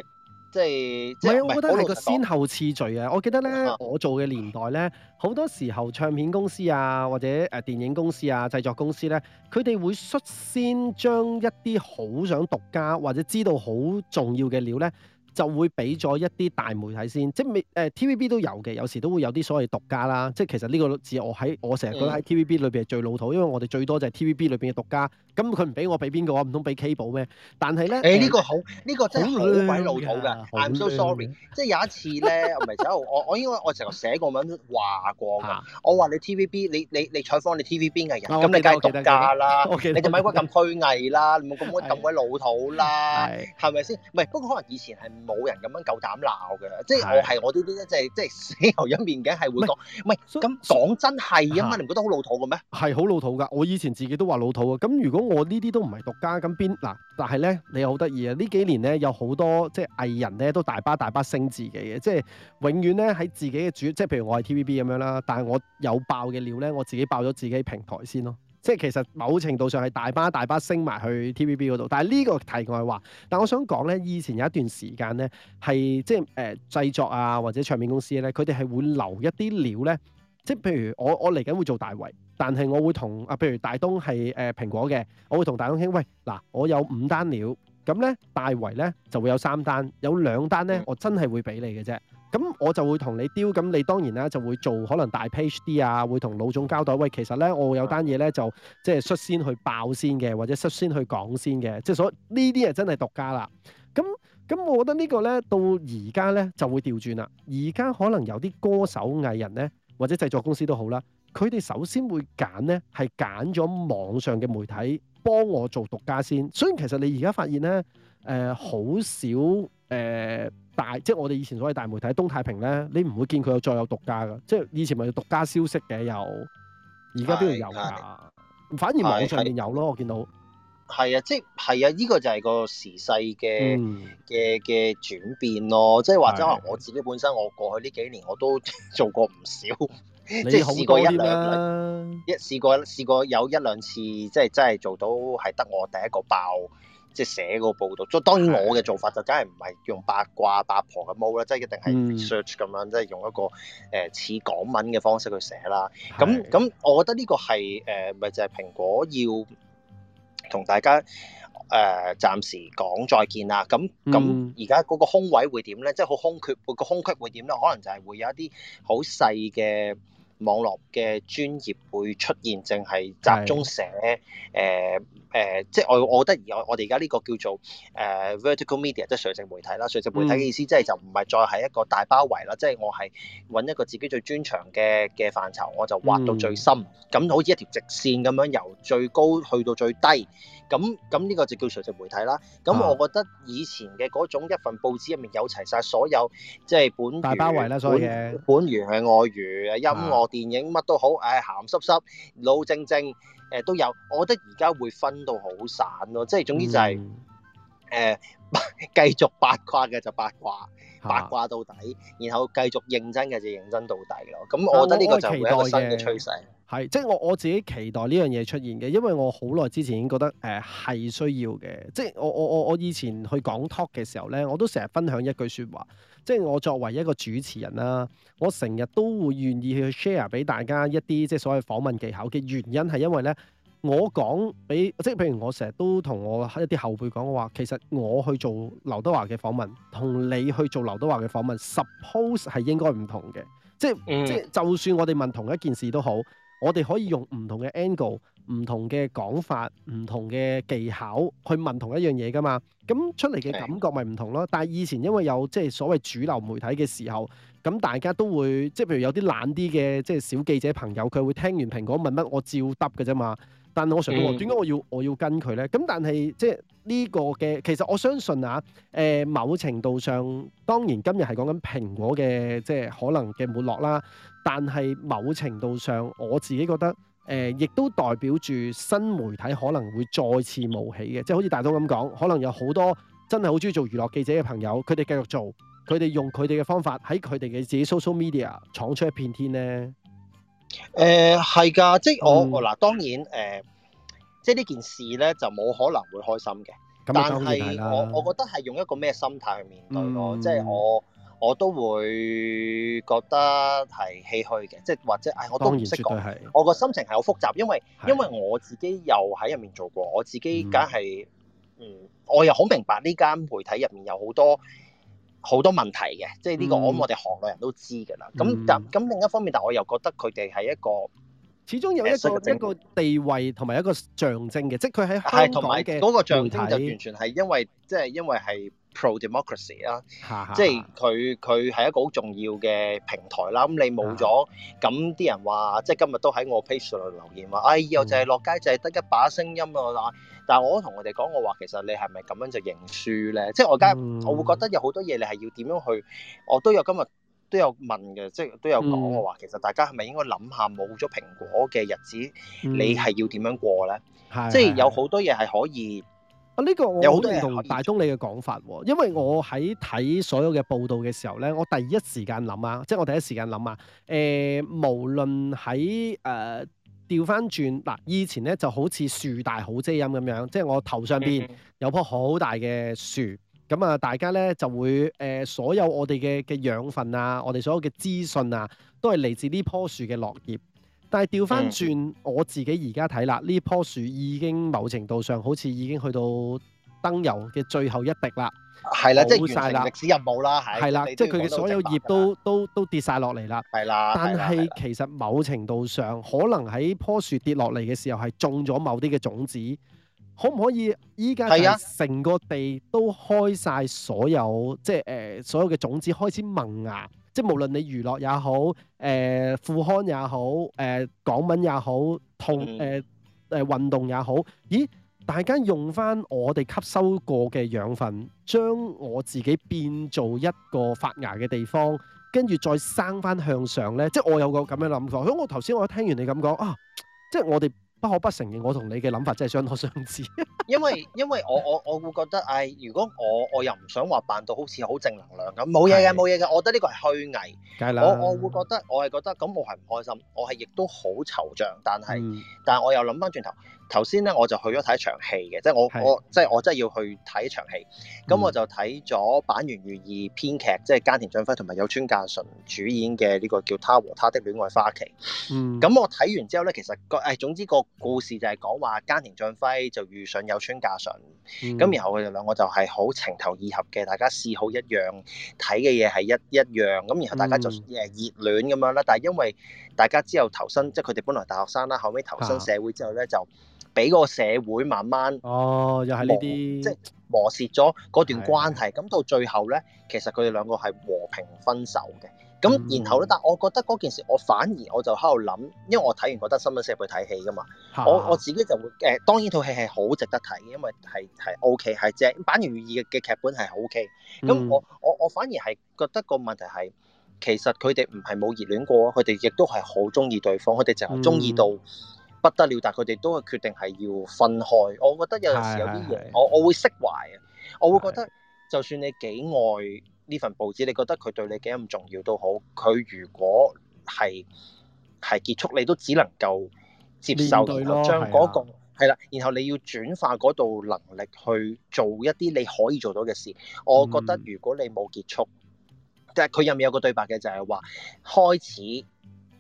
即係即係不是我覺得係個先後次序啊！ 我記得咧，我做嘅年代咧，好多時候唱片公司啊，或者誒、呃、電影公司啊、製作公司咧，佢哋會率先將一啲好想獨家或者知道好重要嘅料咧。就會俾咗一啲大媒體先，即係誒 TVB 都有嘅，有時都會有啲所謂獨家啦。即係其實呢個字我喺我成日覺得喺 TVB 裏邊係最老土，因為我哋最多就係 TVB 裏邊嘅獨家。咁佢唔俾我俾邊個，唔通俾 K 寶咩？但係咧，誒呢個好，呢個真係好鬼老土㗎。I'm so sorry，即係有一次咧，唔係走，我我應該我成日寫個文話過㗎。我話你 TVB，你你你採訪你 TVB 嘅人，咁你梗係獨家啦。你就咪鬼咁虛偽啦，你冇咁鬼咁鬼老土啦，係咪先？唔不過可能以前係。冇人咁樣夠膽鬧嘅，即係我係我都我都即係即係死牛一面嘅，係會講唔係咁講真係，咁你唔覺得好老土嘅咩？係好老土㗎。我以前自己都話老土嘅。咁如果我呢啲都唔係獨家，咁邊嗱？但係咧，你又好得意啊！呢幾年咧有好多即係藝人咧都大把大把升自己嘅，即係永遠咧喺自己嘅主，即係譬如我係 T V B 咁樣啦。但係我有爆嘅料咧，我自己爆咗自己平台先咯。即係其實某程度上係大巴大巴升埋去 TVB 嗰度，但係呢個題外話。但係我想講咧，以前有一段時間咧係即係誒、呃、製作啊或者唱片公司咧，佢哋係會留一啲料咧，即係譬如我我嚟緊會做大圍，但係我會同啊，譬如大東係誒、呃、蘋果嘅，我會同大東傾，喂，嗱，我有五單料咁咧，大圍咧就會有三單，有兩單咧我真係會俾你嘅啫。咁我就會同你丟，咁你當然啦，就會做可能大 page 啲啊，會同老總交代，喂，其實咧我有單嘢咧就即係率先去爆先嘅，或者率先去講先嘅，即係所以呢啲係真係獨家啦。咁咁我覺得個呢個咧到而家咧就會調轉啦。而家可能有啲歌手藝人咧或者製作公司都好啦，佢哋首先會揀咧係揀咗網上嘅媒體幫我做獨家先。所以其實你而家發現咧。誒好、呃、少誒、呃、大，即係我哋以前所謂大媒體東太平咧，你唔會見佢有再有獨家嘅，即係以前咪有獨家消息嘅有，而家邊度有啊？反而網上面有咯，我見到係啊，即係係啊，呢、這個就係個時勢嘅嘅嘅轉變咯。即係話，即係的我自己本身，我過去呢幾年我都做過唔少，即係試過一兩，一試過試過有一兩次，即係真係做到係得我第一個爆。即係寫個報導，即當然我嘅做法就梗係唔係用八卦八婆嘅毛啦，即係一定係 research 咁樣，嗯、即係用一個誒、呃、似港文嘅方式去寫啦。咁咁、嗯，我覺得呢個係誒咪就係、係、蘋果要同大家誒、呃、暫時講再見啦。咁咁而家嗰個空位會點咧？即係好空缺，個空隙會點咧？可能就係會有一啲好細嘅。網絡嘅專業會出現，淨係集中寫誒誒是的、呃呃，即係我我覺得而我哋而家呢個叫做誒、呃、Vertical Media，即係垂直媒體啦。垂直媒體嘅意思即係就唔係再係一個大包圍啦，嗯、即係我係揾一個自己最專長嘅嘅範疇，我就挖到最深。咁、嗯、好似一條直線咁樣，由最高去到最低。咁咁呢個就叫垂直媒體啦。咁我覺得以前嘅嗰種一份報紙入面有齊晒所有，即、就、係、係、本大包圍啦，所有嘢。本娛係外娛、的音樂、電影乜都好，誒鹹濕濕、老正正誒都有。我覺得而家會分到好散咯，即係總之就係、係。嗯誒、呃、繼續八卦嘅就八卦，八卦到底，然後繼續認真嘅就認真到底咯。咁、嗯、我覺得呢個就係一個新嘅趨勢。係，即係我我自己期待呢樣嘢出現嘅，因為我好耐之前已經覺得誒係、呃、需要嘅。即係我我我我以前去講 talk 嘅時候咧，我都成日分享一句說話，即係我作為一個主持人啦、啊，我成日都會願意去 share 俾大家一啲即係所謂訪問技巧嘅原因係因為咧。我講俾即係譬如我成日都同我一啲後輩講話，其實我去做劉德華嘅訪問，同你去做劉德華嘅訪問，suppose 係應該唔同嘅，即係、嗯、就算我哋問同一件事都好，我哋可以用唔同嘅 angle、唔同嘅講法、唔同嘅技巧去問同一樣嘢㗎嘛，咁出嚟嘅感覺咪唔同咯。但係以前因為有即係所謂主流媒體嘅時候，咁大家都會即係譬如有啲懶啲嘅即係小記者朋友，佢會聽完蘋果問乜，我照答嘅啫嘛。但係我想話，點解、嗯、我要我要跟佢呢？咁但係即係呢個嘅，其實我相信啊，誒、呃、某程度上，當然今日係講緊蘋果嘅即係可能嘅沒落啦。但係某程度上，我自己覺得誒，亦、呃、都代表住新媒體可能會再次冒起嘅，即、就、係、是、好似大東咁講，可能有好多真係好中意做娛樂記者嘅朋友，佢哋繼續做，佢哋用佢哋嘅方法喺佢哋嘅自己 social media 闖出一片天呢。誒係噶，即係我我嗱，嗯、當然誒、呃，即係呢件事咧就冇可能會開心嘅，但係我我覺得係用一個咩心態去面對咯，嗯、即係我我都會覺得係唏噓嘅，即係或者誒、哎，我都唔識講，我個心情係好複雜，因為的因為我自己又喺入面做過，我自己梗係嗯，嗯，我又好明白呢間媒體入面有好多。好多問題嘅，即係呢個，我我哋行內人都知㗎啦。咁但咁另一方面，但我又覺得佢哋係一個，始終有一個一個地位同埋一個象徵嘅，即係佢喺香港嘅嗰個象徵就完全係因為，即係因為係。Pro democracy 啦，即係佢佢係一個好重要嘅平台啦。咁你冇咗，咁啲人話，即係今日都喺我 page 度留言話，哎呀，就係落街就係得一把聲音啊！但係我都同我哋講，我話其實你係咪咁樣就認輸咧？即係我而家我會覺得有好多嘢你係要點樣去。我都有今日都有問嘅，即係都有講我話，其實大家係咪應該諗下冇咗蘋果嘅日子，你係要點樣過咧？即係有好多嘢係可以。呢、啊這個我係同大東你嘅講法喎，因為我喺睇所有嘅報道嘅時候咧，我第一時間諗啊，即係我第一時間諗啊，誒、呃，無論喺誒調翻轉嗱，以前咧就好似樹大好遮陰咁樣，即係我頭上邊有棵好大嘅樹，咁啊，大家咧就會誒、呃，所有我哋嘅嘅養分啊，我哋所有嘅資訊啊，都係嚟自呢棵樹嘅落葉。但係調翻轉，嗯、我自己而家睇啦，呢棵樹已經某程度上好似已經去到燈油嘅最後一滴啦，係啦的，了即係完成歷史任務啦，係，係啦的，你也 即係佢嘅所有葉都都都跌晒落嚟啦，係啦的。但係是其實某程度上，可能喺棵樹跌落嚟嘅時候，係種咗某啲嘅種子，可唔可以依家成個地都開晒所有，即係誒所有嘅種子開始萌芽？即係無論你娛樂也好，誒、呃、副刊也好，誒、呃、港聞也好，同誒誒、呃呃、運動也好，咦？大家用翻我哋吸收過嘅養分，將我自己變做一個發芽嘅地方，跟住再生翻向上咧。即係我有個咁嘅諗法。響我頭先我聽完你咁講啊，即係我哋。不可不承認，我同你嘅諗法真係相當相似。因為因為我我我會覺得，唉、哎，如果我我又唔想話扮到好似好正能量咁，冇嘢嘅冇嘢嘅，我覺得呢個係虛偽。我我會覺得，我係覺得咁，我係唔開心，我係亦都好惆悵。但係、嗯、但係我又諗翻轉頭。頭先咧，我就去咗睇一場戲嘅，即係我是我即係我真係要去睇一場戲，咁、嗯、我就睇咗坂元裕二編劇，嗯、即係菅田將暉同埋有村架純主演嘅呢個叫《她和他的戀愛花期》。嗯，咁我睇完之後呢，其實個誒、哎、總之個故事就係講話菅田將暉就遇上有村架純，咁、嗯嗯、然後佢哋兩個就係好情投意合嘅，大家嗜好一樣睇嘅嘢係一一樣，咁然後大家就誒熱戀咁樣啦。嗯、但係因為大家之後投身即係佢哋本來大學生啦，後尾投，啊、投身社會之後呢，就，俾個社會慢慢哦，又係呢啲即係磨蝕咗嗰段關係，咁對到最後呢，其實佢哋兩個係和平分手嘅。咁然後呢，但我覺得嗰件事，我反而我就喺度諗，因為我睇完我覺得新聞社去睇戲噶嘛。的我我自己就會誒、呃，當然套戲係好值得睇，因為係係 O K 係正，反而寓意嘅劇本係 O K。咁我我我反而係覺得個問題係其實佢哋唔係冇熱戀過，佢哋亦都係好中意對方，佢哋就係中意到不得了，但佢哋都係決定係要分開。我覺得有陣時有啲嘢是，我我會釋懷啊。我會覺得，是是就算你幾愛呢份報紙，你覺得佢對你幾咁重要都好，佢如果係係結束，你都只能夠接受，然後將嗰個是啊啊，然後你要轉化嗰度能力去做一啲你可以做到嘅事。我覺得如果你冇結束，即係佢入面有個對白嘅就係話開始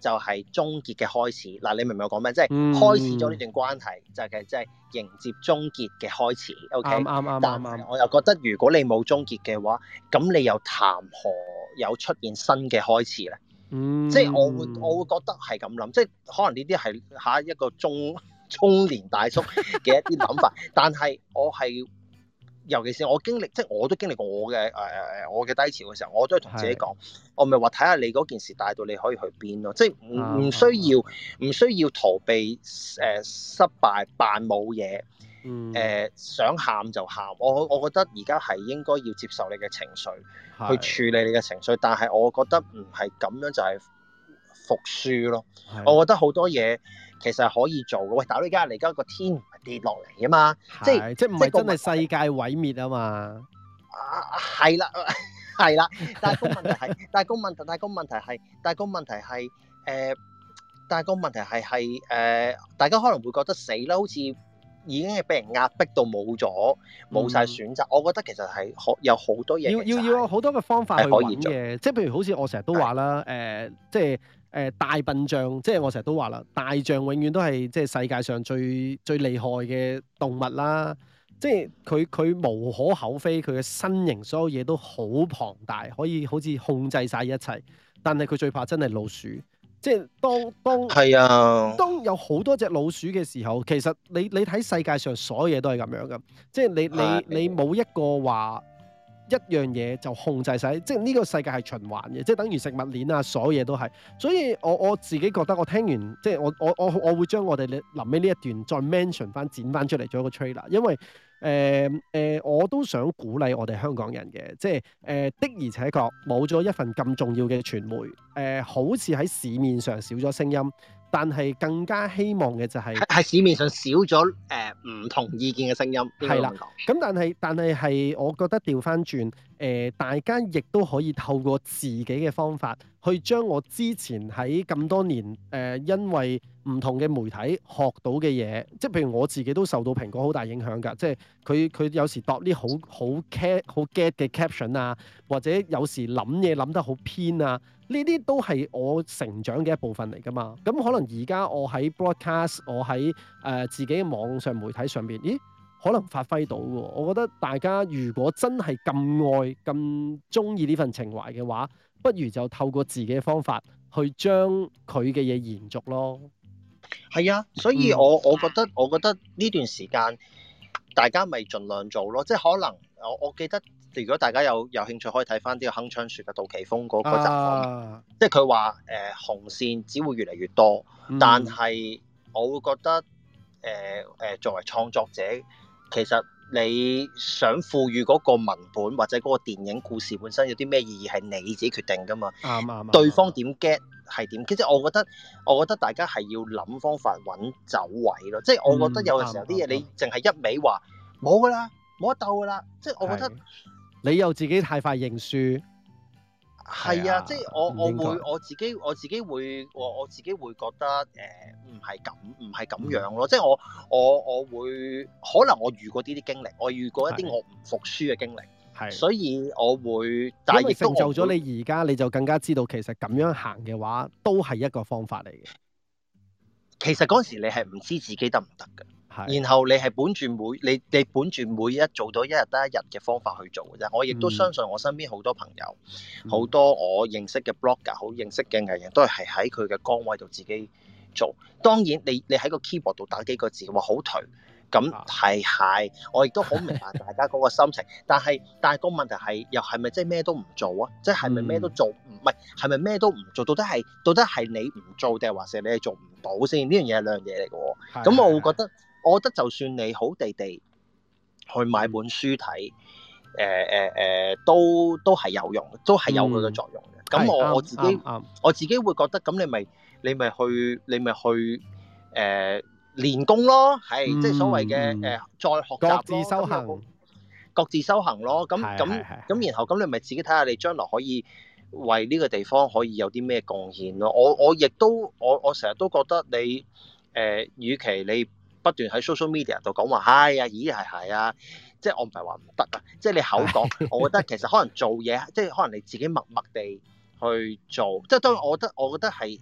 就係終結嘅開始，嗱、啊，你明唔明我講咩？即係、嗯、開始咗呢段關係，就係即係迎接終結嘅開始。OK，啱啱啱啱。嗯嗯、但係我又覺得，如果你冇終結嘅話，咁你又談何有出現新嘅開始咧？嗯、即係我會我會覺得係咁諗，即係可能呢啲係下一個中中年大叔嘅一啲諗法， 但係我係。尤其是我經歷，即係我都經歷過我嘅誒誒誒，我嘅低潮嘅時候，我都係同自己講，是我咪話睇下你嗰件事帶到你可以去邊咯，即係唔唔需要唔需要逃避誒、呃、失敗扮冇嘢，誒、呃、想喊就喊。我我覺得而家係應該要接受你嘅情緒，去處理你嘅情緒，但係我覺得唔係咁樣就係服輸咯。是是我覺得好多嘢其實係可以做嘅，喂！但係你而家你而家個天。跌落嚟啊嘛，即係即係唔係真係世界毀滅啊嘛？啊係啦係啦，但係個問題係， 但係個問題，但係個問題係，但係個問題係，誒、呃，但係個問題係係誒，大家可能會覺得死啦，好似已經係俾人壓迫到冇咗，冇晒、嗯、選擇。我覺得其實係可有好多嘢，要要要有好多嘅方法去揾嘢，即係譬如好似我成日都話啦，誒，即係。誒、呃、大笨象，即係我成日都話啦，大象永遠都係即係世界上最最厲害嘅動物啦，即係佢佢無可厚非，佢嘅身形所有嘢都好龐大，可以好似控制晒一切，但係佢最怕真係老鼠，即係當當係啊，當，呀當有好多隻老鼠嘅時候，其實你你睇世界上所有嘢都係咁樣噶，即係你你你冇一個話。一樣嘢就控制晒，即係呢個世界係循環嘅，即係等於食物鏈啊，所有嘢都係。所以我我自己覺得，我聽完即係我我我我會將我哋臨尾呢一段再 mention 翻，剪翻出嚟做一個 trailer，因為誒誒、呃呃、我都想鼓勵我哋香港人嘅，即係誒、呃、的而且確冇咗一份咁重要嘅傳媒，誒、呃、好似喺市面上少咗聲音。但係更加希望嘅就係、是、市面上少咗誒唔同意見嘅聲音。係啦，咁但係但係我覺得調返轉。誒、呃，大家亦都可以透過自己嘅方法，去將我之前喺咁多年誒、呃，因為唔同嘅媒體學到嘅嘢，即係譬如我自己都受到蘋果好大影響㗎，即係佢佢有時度啲好好好 get 嘅 caption 啊，或者有時諗嘢諗得好偏啊，呢啲都係我成長嘅一部分嚟㗎嘛。咁可能而家我喺 broadcast，我喺誒、呃、自己嘅網上媒體上邊，咦？可能發揮到喎，我覺得大家如果真係咁愛、咁中意呢份情懷嘅話，不如就透過自己嘅方法去將佢嘅嘢延續咯。係啊，所以我我覺得我覺得呢段時間大家咪盡量做咯。即係可能我我記得，如果大家有有興趣，可以睇翻啲《鏗鏘説》嘅杜琪峯嗰集、啊、即係佢話誒紅線只會越嚟越多，但係我會覺得誒誒、呃、作為創作者。其實你想賦予嗰個文本或者嗰個電影故事本身有啲咩意義係你自己決定㗎嘛？啱啊！啱啊！對方點 get 係點？其實我覺得，我覺得大家係要諗方法揾走位咯。即係我覺得有陣時候啲嘢你淨係一味話冇㗎啦，冇得鬥㗎啦。即係我覺得你又自己太快認輸。係啊，即係我我會我自己我自己會我自己會覺得誒，唔係咁唔係咁樣咯，嗯、即係我我我會可能我遇過呢啲經歷，我遇過一啲我唔服輸嘅經歷，係的，所以我會，但係亦都成就咗你而家你就更加知道其實咁樣行嘅話都係一個方法嚟嘅。其實嗰時你係唔知自己得唔得㗎。然後你係本住每你你本住每一做到一日得一日嘅方法去做嘅啫。我亦都相信我身邊好多朋友，好、mm hmm. 多我認識嘅 blogger，好認識嘅藝人，都係喺佢嘅崗位度自己做。當然你你喺個 keyboard 度打幾個字，話好頹。咁係係，我亦都好明白大家嗰個心情。但係但係個問題係，又係咪即係咩都唔做啊？即係係咪咩都做唔係係咪咩都唔做？到底係到底係你唔做定係話你係做唔到先？呢樣嘢係兩樣嘢嚟嘅喎。咁是、嗯嗯、我會覺得。我覺得，就算你好地地去買本書睇，誒誒誒，都都係有用，都係有佢嘅作用嘅。咁我我自己我自己會覺得，咁你咪你咪去你咪去誒練功咯，係即係所謂嘅誒再學習咯，各自修行，各自修行咯。咁咁咁，然後咁你咪自己睇下，你將來可以為呢個地方可以有啲咩貢獻咯。我我亦都我我成日都覺得你誒，與其你。不斷喺 social media 度講話，係呀、啊，咦，係係啊，即係我唔係話唔得啊，即係你口講， 我覺得其實可能做嘢，即係可能你自己默默地去做，即係當然我覺得我覺得係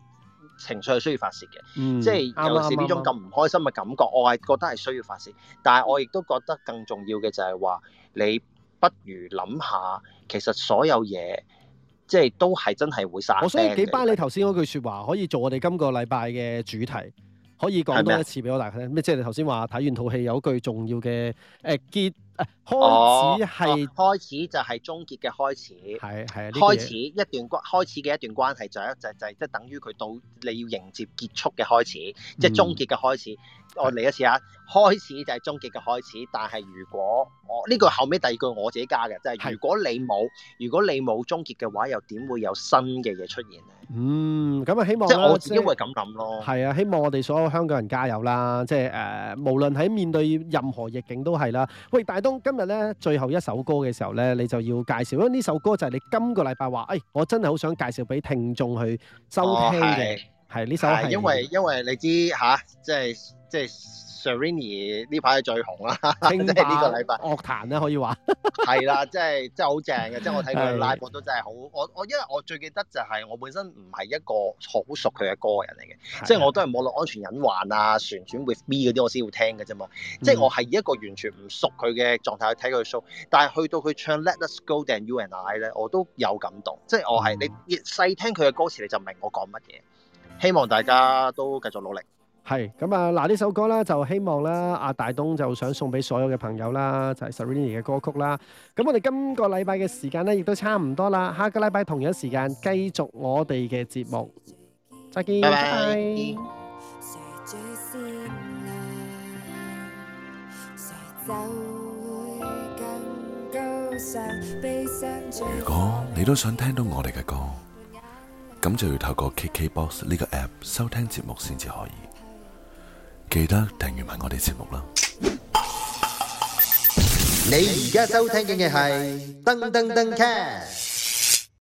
情緒係需要發泄嘅，嗯、即係有時呢種咁唔開心嘅感覺，我係覺得係需要發泄，但係我亦都覺得更重要嘅就係話，你不如諗下，其實所有嘢即係都係真係會散。我所以幾巴你頭先嗰句説話，可以做我哋今個禮拜嘅主題。可以講多一次俾我大家聽，咩即係你頭先話睇完套戲有句重要嘅誒、啊、結，開始係、哦、開始就係終結嘅開始，係係、這個、開始一段關開始嘅一段關係就係、係、就係即係等於佢到你要迎接結束嘅開始，即、就、係、係、終結嘅開始。嗯。我嚟一次啊！開始就係終結嘅開始，但係如果我呢句後尾第二句我自己加嘅，即係如果你冇，如果你冇終結嘅話，又點會有新嘅嘢出現呢？嗯，咁啊，希望即係我自己會咁諗咯。係啊，希望我哋所有香港人加油啦！即係誒，無論喺面對任何逆境都係啦。喂，大東，今日咧最後一首歌嘅時候咧，你就要介紹，因為呢首歌就係你今個禮拜話，誒，我真係好想介紹俾聽眾去收聽嘅。係呢首係，因為因為你知吓、啊，即係即係 Serrini 呢排最紅啦，即係呢個禮拜樂壇咧可以話係啦，即係即係好正嘅。即係 的我睇佢 live 都真係好，我我因為我最記得就係、是、我本身唔係一個好熟佢嘅歌嘅人嚟嘅，即係的我都係網絡安全隱患啊，旋轉 with me 嗰啲我先會聽嘅啫嘛。即係我係以一個完全唔熟佢嘅狀態去睇佢 show，、嗯、但係去到佢唱 Let us go then, you and I 咧，我都有感動，即係我係你細聽佢嘅歌詞，你就明我講乜嘢。希望大家都繼續努力。係咁啊！嗱，呢首歌咧就希望啦，阿、啊、大東就想送俾所有嘅朋友啦，就係 Serrini 嘅歌曲啦。咁我哋今個禮拜嘅時間咧，亦都差唔多啦。下個禮拜同樣時間繼續我哋嘅節目。再見。拜拜。如果你都想聽到我哋嘅歌。咁就要透過 KKBOX 呢個 app 收聽節目先至可以，記得訂閱埋我哋節目啦！你而家收聽嘅係燈登登 c